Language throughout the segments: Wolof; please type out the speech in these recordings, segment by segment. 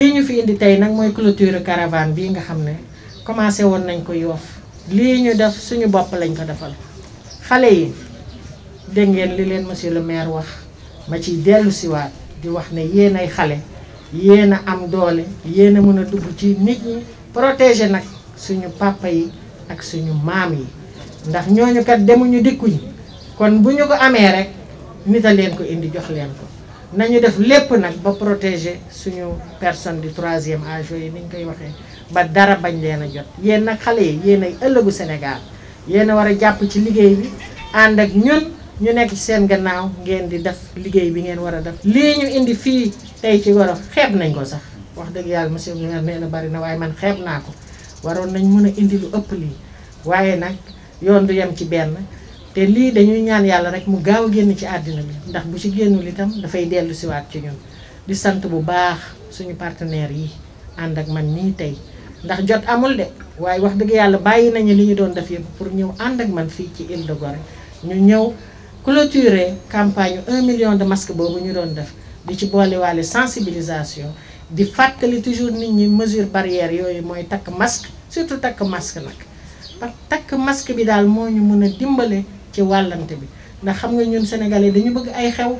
lii ñu fi indi tay nak moy clôture caravane bi nga xam commencé won nañ ko yof li ñu def suñu bop lañ ko defal xalé yi de ngeen li leen monsieur le maire wax ma delu ci wa di wax ne yeen ay xalé yeen am doole yeen mëna dugg ci nit ñi protéger nak suñu papa yi ak suñu mam yi ndax ñoñu kat kon bu ñu ko amee rek nit a leen ko indi jox leen ko nañu def lépp nag ba protéger suñu personne du troisième âge yooyu ni ñu koy waxee ba dara bañ leen a jot yéen nag xale yi yéen ay ëllëgu Sénégal yéen a war a jàpp ci liggéey bi ànd ak ñun ñu nekk ci seen gannaaw ngeen di def liggéey bi ngeen war a def. lii ñu indi fii tey ci Gorof xeeb nañ ko sax wax dëgg yàlla monsieur le maire nee na bari na waaye man xeeb naa ko waroon nañ mën a indi lu ëpp lii waaye nag yoon du yem ci benn. te lii dañuy ñaan yàlla rek mu gaaw a génn ci àddina bi ndax bu ci génnul itam dafay dellu siwaat ci ñun di sant bu baax suñu partenaires yi ànd ak man nii tey ndax jot amul de waaye wax dëgg yàlla bàyyi nañu li ñu doon def yëpp pour ñëw ànd ak man fii ci Île de Gorée ñu ñëw clôturer campagne un million de masques boobu ñu doon def di ci boolewaale sensibilisation di fàttali toujours nit ñi mesure barrière yooyu mooy takk masque surtout takk masque nag parce bi daal moo ñu mën a dimbale ci wàllante bi ndax xam nga ñun sénégalais dañu bëgg ay xew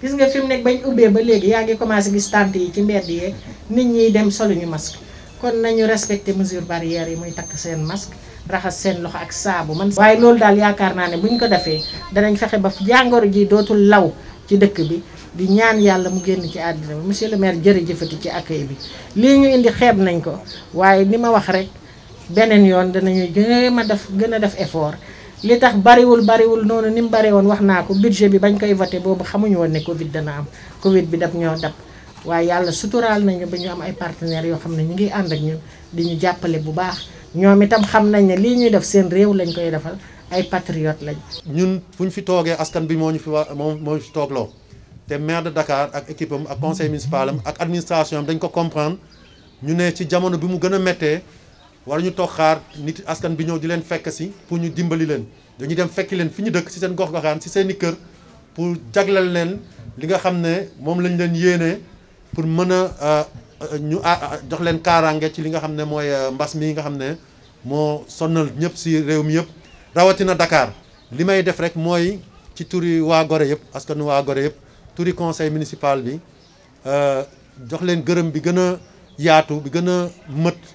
gis nga fi mu nekk bañ ubbee ba léegi yaa ngi commencé gis tant yi ci mbedd yee nit ñiy dem soluñu masque kon nañu respecté mesure barrière yi muy takk seen masque raxas seen loxo ak saabu man. waaye loolu daal yaakaar naa ne buñ ko defee danañ fexe ba jàngoro ji dootul law ci dëkk bi di ñaan yàlla mu génn ci àddina bi monsieur le maire jërëjëfati ci accueil bi. lii ñu indi xeeb nañ ko waaye ni ma wax rek beneen yoon danañu gën a def gën a def effort. li tax bariwul bariwul noonu ni mu bari woon wax naa ko budget bi bañ koy voté boobu xamuñu woon ne Covid dana am Covid bi daf ñoo dab waaye yàlla suturaal nañu ba ñu am ay partenaires yoo xam ne ñu ngi ànd ak ñun di ñu jàppale bu baax ñoom itam xam nañ ne lii ñuy def seen réew lañ koy defal ay patriotes lañ. ñun fu ñu fi toogee askan bi moo ñu fi waa moom moo ñu fi te maire de Dakar ak équipe am ak conseil municipal ak administration dañ ko comprendre ñu ne ci jamono bi mu gën a méttee. war ñu toog xaar nit askan bi ñëw di leen fekk si pour ñu dimbali leen dañuy dem fekki leen fi ñu dëkk si seen gox goxaan si seeni kër pour jaglal leen li nga xam ne moom lañ leen yéenee pour mën a euh, ñu ah, ah, jox leen kaaraange ci li nga xam ne mooy euh, mbas mi nga xam ne moo sonnal ñëpp si réew mi yëpp rawatina Dakar li may def rek mooy ci turi waa Gorée yëpp askanu waa Gorée yëpp turi conseil municipal bi euh, jox leen gërëm bi gën a yaatu bi gën a mët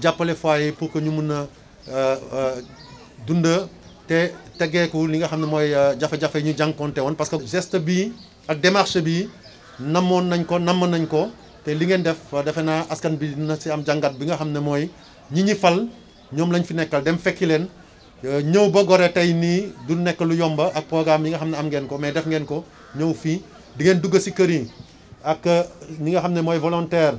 jàppale fois yi pour que ñu mun a euh, euh, dund te tegeeku li nga xam ne mooy euh, jafe-jafe yi ñu jànkonte woon parce que geste bi ak démarche bi namoon nañ ko namm nañ ko te li ngeen def defe naa askan bi na si am jàngat bi nga xam ne mooy ñi ñi fal ñoom lañ fi nekkal dem fekki leen ñëw ba gore tey nii du nekk lu yomba ak programme yi nga xam ne am ngeen ko mais def ngeen ko ñëw fii di ngeen dugg si kër yi ak ñi nga xam ne mooy volontaire